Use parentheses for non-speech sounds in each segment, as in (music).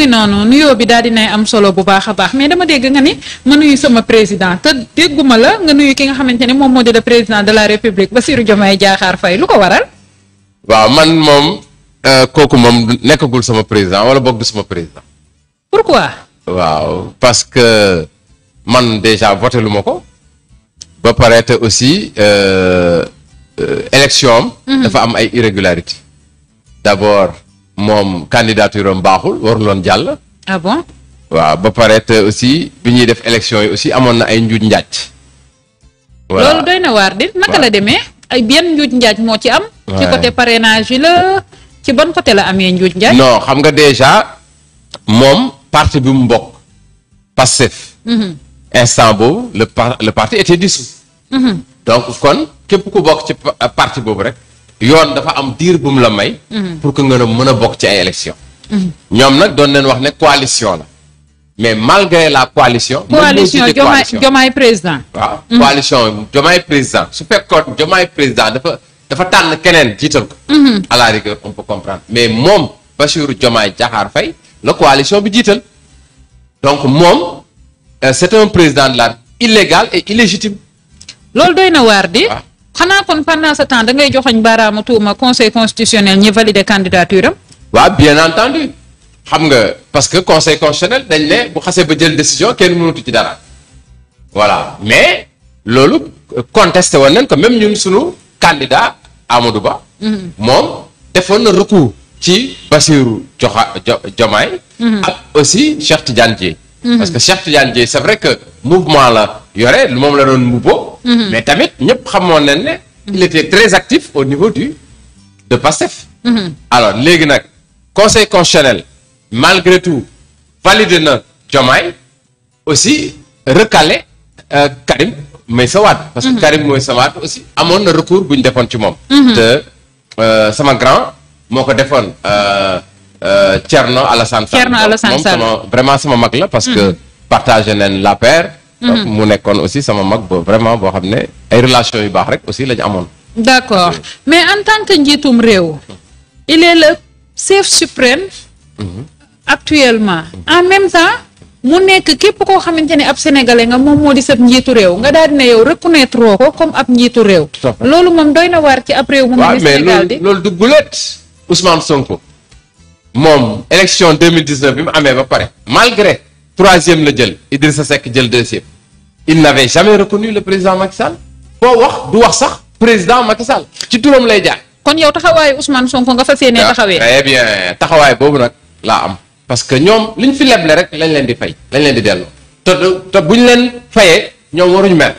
ngi noonu nuyoo bi daal dinay am solo bu baax a baax mais dama dégg nga ni ma nuyu sama président te dégguma la nga nuyu ki nga xamante ne moom moo de le président de la république Bassirou Diomaye Diakhar fay lu ko waral. waaw man moom euh, kooku moom nekkagul sama président wala boog du sama président. pourquoi. waaw parce que man déjà voté lu ma ko. ba pare te aussi euh, euh, élection am. Mm-hmm. dafa am ay irrégularités. d'abord. moom candidature am baaxul warloon jàll. Ah waaw ba pare te aussi bi ñuy def élection yi aussi amoon na ay njuuj njaaj. voilà loolu doy na waar di naka la demee. ay benn njuuj njaaj moo ci am. ci côté parrainage yi la ci ban côté la amee njuuj njaaj. non xam nga déjà moom parti bi mu bokk Pastef. Mhm. instant boobu le par le parti était dissous. Mhm. donc kon képp ku bokk ci parti boobu rek. yoon dafa am diir bu mu la may. Mhm. pour que nga mën a bokk ci ay élections. Mhm. ñoom nag doon leen wax ne coalition la mais malgré la coalition. coalition jomaay président. waaw mhm. coalition jomaay président su fekkoon jomaay président dafa dafa tànn keneen jiital ko. à la rigueur on peut comprendre mais moom Bassirou Diomaye Diakhar fay la coalition bi jiital donc moom euh, c'est un président de la illégal et illégitime. loolu doy na waar di. xanaa kon pendant ce temps da ngay joxoñ baaraamu tuuma conseil constitutionnel ñi valider candidature am. waaw bien entendu xam nga parce que conseil constitutionnel dañ ne bu xasee ba jël décision kenn mënatu ci dara voilà mais loolu contesté woon nañ ko même ñun sunu candidat Amadou Ba. Mhm. moom defoon na recours. ci Bassirou Diomaye. Mhm. ak aussi Cheikh Tidiane Dièye. Mm-hmm. parce que Cheikh Tidiane Dièye c'est vrai que mouvement la yore lu moom la doon mubbo mm-hmm. mais tamit ñëpp xamoon nañ ne il était très actif au niveau du de PASTEF mm-hmm. alors léegi nag conseil constitutionnel malgré tout valide na Diomaye aussi recalé euh, Karim Meïssa Wade parce que Karim Meïssa Wade aussi amoon na recours bu ñu defoon ci moom te euh, sama grand moo ko defoon euh, Thierno euh, Alassane Sall. Thierno Alassane Sall moom sama vraiment sama mag la parce que mm. partagé nañ la paire. Mm-hmm. donc mu nekkoon aussi sama mag bo vraiment boo xam ne ay relations yu baax rek aussi la ñu amoon. d'accord mais en tant que njiitum réew. il est le chef suprême. Mm-hmm. actuellement mm-hmm. en même temps. mu nekk képp koo xamante ne ab sénégalais nga moom moo di sab njiitu réew nga daal di ne yow reconnaître ko comme ab njiitu réew. loolu moom doy na waar ci ab réew. mu mel ni Sénégal di waaw mais loolu loolu du gulet Ousmane Sonko. moom élection 2019 bi mu amee ba pare malgré troisième la jël sa sekk jël deuxième il n'avait jamais reconnu le président Macky Sall boo wax du wax sax président Macky Sall ci turam lay jaar. kon yow taxawaayu Ousmane Sonko nga fa yéenee ah, taxawee. très taxawaay boobu nag laa am. parce que ñoom ñu fi leble rek lañ leen di fay lañ leen di delloo. te te buñ leen fayee ñoom waruñu mer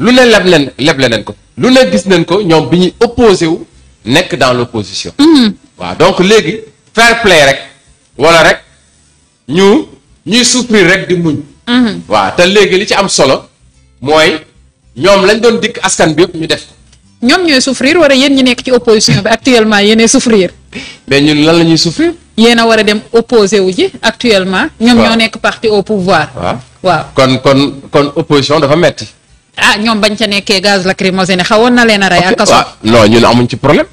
lu ne leble leen leble leen ko lu ne gis nañ ko ñoom bi ñuy opposé wu nekk dans l' opposition. Mm-hmm. waaw fair play rek wala rek ñu ñuy souffrir rek di muñ mhm. waaw te léegi li ci am solo mooy ñoom lañ doon dikk askan bi yëpp ñu def ñoom ñooy souffrir wala yéen ñi nekk ci opposition bi actuellement yéenay souffrir. mais ñun lan la ñuy souffrir. yéen a war a dem opposé wu ji actuellement. ñoom ñoo nekk parti au pouvoir. waaw waaw kon kon kon opposition dafa metti ah ñoom bañ ca nekkee gaz lacrymogène xawoon na leen a rey. ak kaso ñu ñun amuñ ci problème.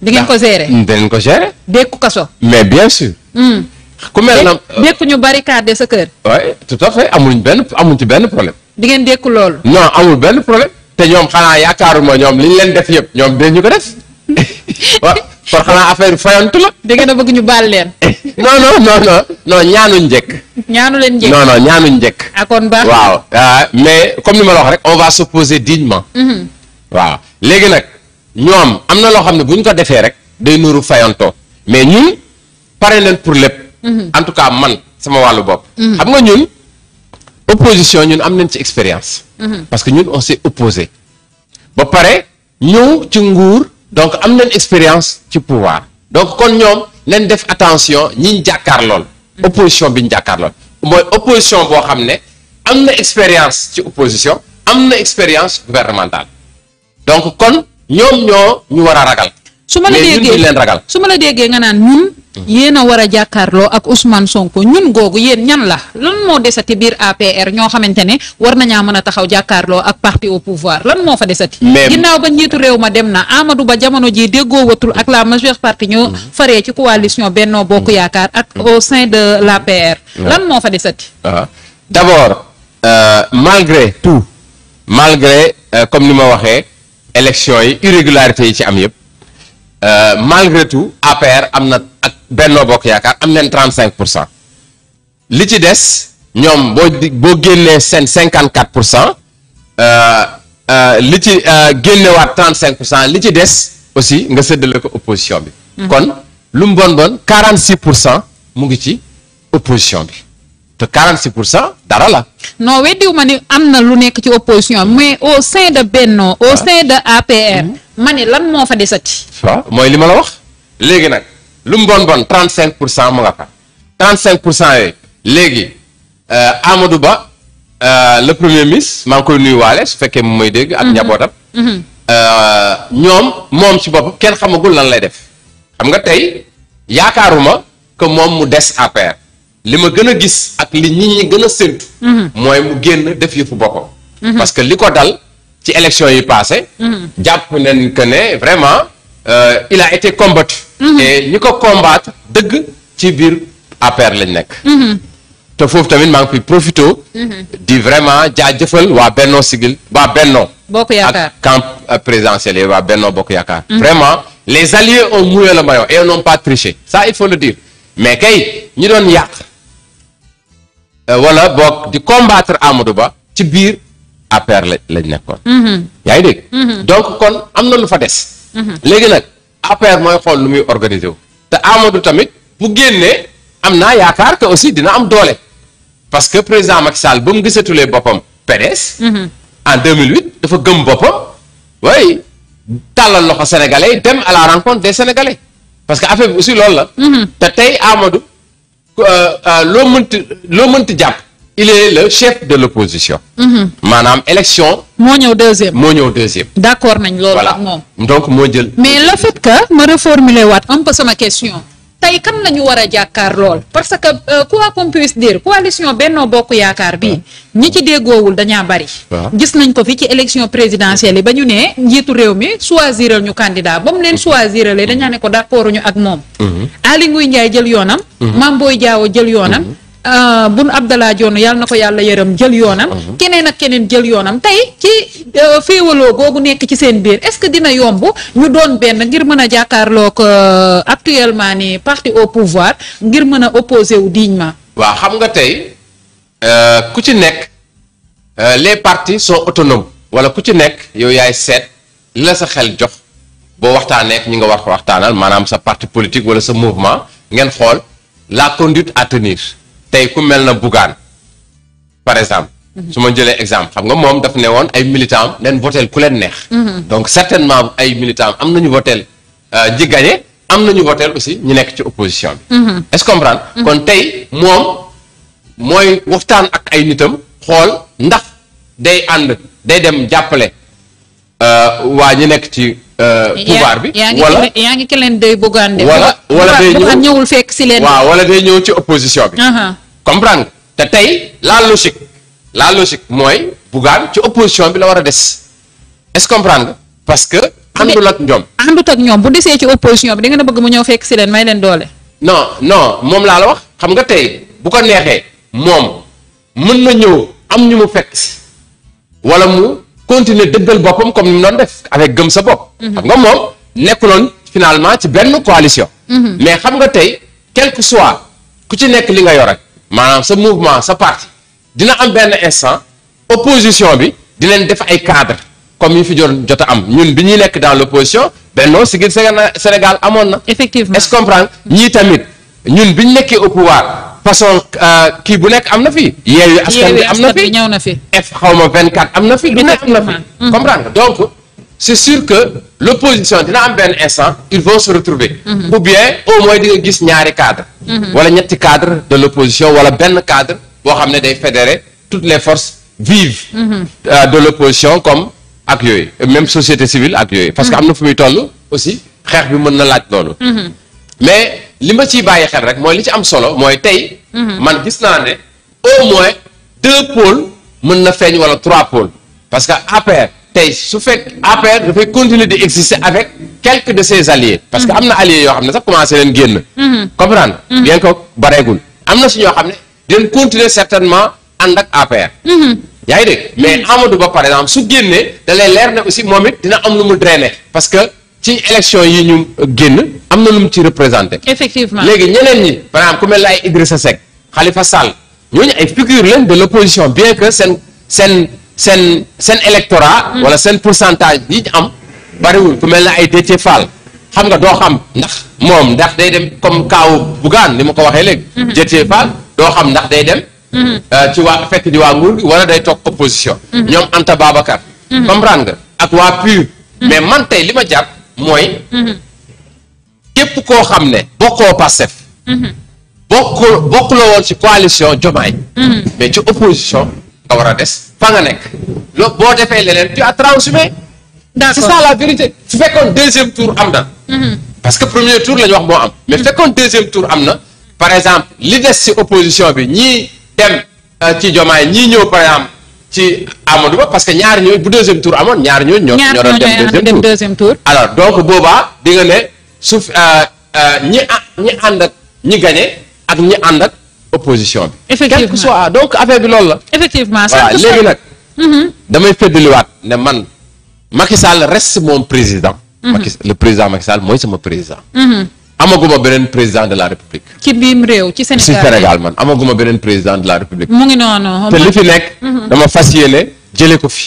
di ngeen ko gérer dinañ ko gérer. dékku kaso. mais bien sûr. Hmm. ku mel na dékku ñu barricade sa kër. oui tout à fait amuñ benn amuñ ci benn problème. di ngeen dékku loolu. non amul benn problème. te ñoom xanaa yaakaaruma ñoom li leen def yëpp ñoom ñu ko def waaw (laughs) kon xanaa affaire fayantu la. da ngeen a bëgg ñu baal leen. (laughs) non non non non non ñaanuñ njëkk. ñaanu leen njëkk non non ñaanuñ njëkk. ah kon baax waaw ah, mais comme ni ma la wax rek on va se poser dignement. Mm-hmm. waaw léegi nag. ñoom am na loo xam ne bu ñu ko defee rek day nuru fayantoo mais ñun pare nañ pour lépp. Mhm. en tout cas man sama wàllu bopp. Mhm. xam nga ñun opposition ñun am nañ ci expérience. Mhm. parce que ñun on s'est opposé ba pare ñëw ci nguur donc am nañ expérience ci pouvoir donc kon ñoom nañ def attention ñiñ jàkkaar lool. opposition bi ñu jàkkaar lool mooy opposition boo xam ne am na expérience ci opposition am na expérience gouvernementale donc kon. ñoom ñoo ñu war a ragal. su ma la déggee leen ragal su ma la déggee nga naan ñun. Mm. yéen a war a jàkkaarloo ak Ousmane Sonko ñun googu yéen ñan la lan moo desati biir APR ñoo xamante ne war ñaa mën a taxaw jàkkaarloo ak parti au pouvoir lan moo fa desati. mais ginnaaw ba njiitu réew ma dem na Amadou Ba jamono jii déggoo watul ak la majeure partie ñoo mm. faree ci coalition Benno Bokk mm. Yaakaar ak au sein de l'APR. lan moo fa desati. Ah. d'abord euh, malgré tout malgré euh, comme ni ma waxee. élection yi irrégularité yi ci am yëpp euh, malgré tout APR am na ak Benno Bokk Yaakaar am nañ cinq pour cent li ci des ñoom boo di boo génnee seen quatre pour cent euh, euh, li ci génnewaat 35 pour cent li ci des aussi nga séddale ko opposition bi. Mhm. kon lu mu bon bon 46 pour cent mu ngi ci opposition bi. te 46 pour cent dara la. noo weddiwu ma ni am na lu nekk ci opposition mais au sein de Benno au ah. sein de APR. Mhm. ma ne lan moo fa desati. waaw mooy li ma la wax. léegi nag lu mu bon bon cinq pour cent mu nga fa 35 pour cent yooyu léegi euh, Amadou Ba euh, le premier miss maa ngi koy nuyuwaale su fekkee mu may dégg. ak mhm. njabootam. Mhm. Euh, ñoom moom ci boppam kenn xamagul lan lay def. xam nga tey yaakaaruma que moom mu des APR. li ma gën a gis ak li nit ñi gën a séntu mhm. mooy mu génn def yëfu boppam mhm. parce que li ko dal ci élection yi passé mhm. jàpp nañ que ne vraiment euh, il a été combat et ñi ko combattre dëgg ci biir APR lañ nekk te foofu tamit maa ngi fi profité di vraiment jaa jëfal waa bennoo Siggil waa Benno bokk yaakaar ak camp euh, présidentiel yi waa Benno bokk yaakaar vraiment les alliés ont mouillé le maillot et n'ont pas triché ça il faut le dire mais kay ñi doon yàq wala euh, boog di combattre Amadou Ba ci biir APR la lañ nekkoon. Mhm. yaa ngi mhm. donc kon am na lu fa des. Mhm. léegi nag APR mooy xool nu muy organiser wu. te Amadou tamit bu génnee am naa yaakaar que aussi dina am doole parce que président Macky Sall ba mu gisatulee boppam PDS. en 2008 dafa gëm boppam waaye tàllal loxo sénégalais dem à la rencontre des sénégalais parce que affaire aussi loolu la. te tey amado Euh, euh, loo mënti loo mënti jàpp il est le chef de l'opposition mhm. maanaam élection moo ñëw deuxième moo ñëw deuxième d'accord nañ loolu ak moom donc moo jël mais le fait que ma reformuler waat un peu sama question tey kam la ñu war a jàkkaar lool parce que euh, quoi qu'on puisse dire coalition Benno Bokk Yaakaar bi ñi ci déggoowul dañaa bari gis nañ ko fi ci élection présidentielle yi ba ñu nee njiitu réew mi choisiral ñu candidat ba mu leen mhm. choisiralee dañaa ne ko d'accord ñu ak moom mhm. Aly Ngouille Ndiaye jël yoonam mhm. Mame Boye Diao jël yoonam Uh, Boun Abdallah Dionne yàlla na ko yàlla yaram jël yoonam. Mhm. keneen ak keneen jël yoonam tey ci uh, féewaloo googu nekk ci seen biir est-ce que dina yomb ñu doon benn ngir mën a jàkkaarloo ko euh, actuellement ni parti au pouvoir ngir mën a opposé wu diiñ dignement. waa xam nga tey euh, ku ci nekk euh, les so sont autonomes wala ku ci nekk yow yaay seet la sa xel jox boo waxtaanee ñi nga war waxtaanal maanaam sa parti politique wala sa mouvement ngeen xool la conduite à tenir. tey ku mel na Bougane par exemple. Mhm. su ma jëlee exemple xam nga moom daf ne woon ay militant am leen votel ku leen neex. Mhm. donc certainement ay militant am nañu votel euh, ji gagné am na ñu votel aussi ñu nekk ci opposition bi. Mhm. est-ce comprendre. kon tey moom mooy waxtaan ak ay nitam xool ndax day ànd day dem jàppale. Euh, waa ñu nekk ci euh, pouvoir bi. wala yaa ngi keneen day bëggoon def. wala wala day ñëw ñëwul fekk si leen. wala day ñëw ci opposition bi. comprendre nga te tey la logique la logique mooy Bougane ci opposition bi la war a des est-ce comprendre nga parce que. àndul ak ñoom àndut ak ñoom bu desee ci opposition bi da ngeen a bëgg mu ñëw fekk si leen may leen doole. no non moom laa wax xam nga tey bu ko neexee moom mën na ñëw am ñu mu fekk si wala mu. continuer dëggal boppam comme ni mu noon def avec gëm sa bopp. Mhm. xam nga moom noon finalement ci benn coalition. Mhm. mais xam nga tey quel que ku ci nekk li nga yor ak maanaam sa mouvement sa parti dina am benn instant opposition bi dinañ def ay cadre comme yi fi doon jot a am ñun bi ñuy nekk dans l' opposition Benno Siggil Sénégal amoon na. effectivement est-ce ñii tamit ñun bi ñu nekkee au pouvoir. façon euh, kii bu nekk am na fi. yeewu askan bi am na fi ñëw na fi. F xaw ma 24 am na fi. lu nekk am na fi mhm. comprendre nga donc. c'est sur que l'opposition dina am benn instant ils vont se retrouver mhm. ou bien au moins di gis ñaari cadre mhm. wala ñetti cadre de l'opposition wala benn cadre boo xam ne day fédérer toutes les forces vives euh, de l'opposition comme ak yooyu même société civile ak yooyu parce que am na fu muy toll aussi xeex bi mën na laaj loolu li ma ciy bàyyi xel rek mooy li ci am solo mooy tey. Mhm. man gis naa ne au moins deux pôles mën na feeñ wala trois pôles parce que APR tey su fekk APR dafay continuer di exister avec quelques de ses alliés. parce que mhm. am na alliés yoo xam ne sax commencé leen génn. Mhm. comprendre bien que bareegul am na si ñoo xam ne dinañ continuer certainement ànd ak APR. yaa ngi dégg mais Amadou Ba par exemple su génnee da leer ne aussi moom it dina am lu mu drainer parce que. ci élection yi ñu génn am na lu mu ci représenté. effectivement léegi ñeneen ñi par exemple ku mel ne ay Idrissa Seck Khalifa Sall ñooñu ay figure lañ de l' opposition bien que seen seen seen seen électorat. Mm. wala seen pourcentage yi ñu am bariwul ku mel ne ay Déthié Fall xam nga doo xam ndax moom ndax day dem comme kaawu Bougane ni ma ko waxee léegi. Mm-hmm. Déthié Fall doo xam ndax day dem. Mm-hmm. Euh, ci waa fekk di waa nguur wala day toog opposition. Mm-hmm. ñoom Anta Babacar. comprendre nga ak waa mais man tey li ma jàpp. mooy. képp koo xam ne. bokkoo Pastef. bokk bokk la woon ci coalition Jomaay. mais ci opposition nga war a des. fa nga nekk loo boo defee leneen tu as transhumé. d'accord c'est ça la vérité. su fekkoon deuxième tour am na. parce que premier tour la ñu wax moo am. mais fekkoon deuxième tour am na. par exemple li des ci opposition bi ñii dem euh, ci Jomaay ñii ñëw par exemple. ci Amadou Ba parce que ñaar ñooñu bu deuxième tour amoon ñaar ñooñu. ñoo ñoo doon dem deuxième deuxième tour alors donc boobaa di nga ne suuf euh, euh, ñi ñi ànd ak ñi gagné ak ñi ànd ak opposition bi. effectivement quel que soit donc affaire bi loolu la. effectivement voilà léegi nag. Mhm. damay feddaliwaat ne man Macky Sall reste mon président. Mhm. le président Macky Sall mooy sama président. Mhm. amaguma beneen président de la république. ci biim réew ci Sénégal Sénégal man amaguma beneen président de la république. mu ngi noonu. te li fi nekk. Mhm. dama fas yéene jëlee ko fi.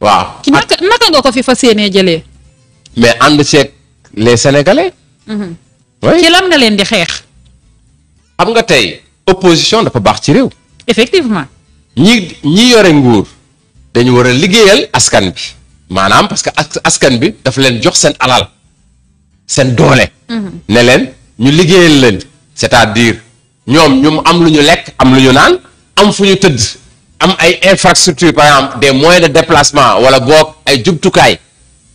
waaw ci naka nga ko fi fas yéene jëlee. mais ànd ceeg les sénégalais. Mhm. oui ci lan nga leen di xeex. xam nga tey opposition dafa baax ci réew. effectivement. ñi ñi yore nguur. dañu war a liggéeyal askan bi. maanaam parce que askan bi dafa leen jox seen alal seen doole. ne leen ñu liggéeyal leen c'est-à-dire ñoom ñu am lu ñu lekk am lu ñu naan am fu ñu tëdd am ay infrastructure par exemple de moyens de déplacement wala boog ay jubtukaay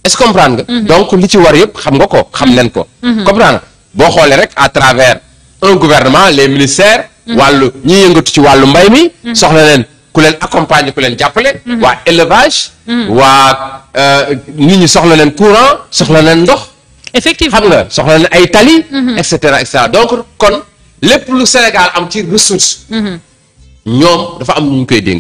est-ce que nga mhm. donc li ci war yëpp xam nga ko xam leen ko mhm. Mhm. comprendre boo xoolee rek à travers un gouvernement les ministères wàllu ñi yëngatu ci wàllu mbay mi soxla leen ku leen accompagner ku leen jàppale waa élevage waa euh, nit ñi soxla leen courant soxla leen ndox effectivement xam nga soxla ne ay tali. Mhm. et cetera et cetera donc kon lépp lu Sénégal am ci ressource. Mhm. ñoom dafa am ñu ñu koy dénk.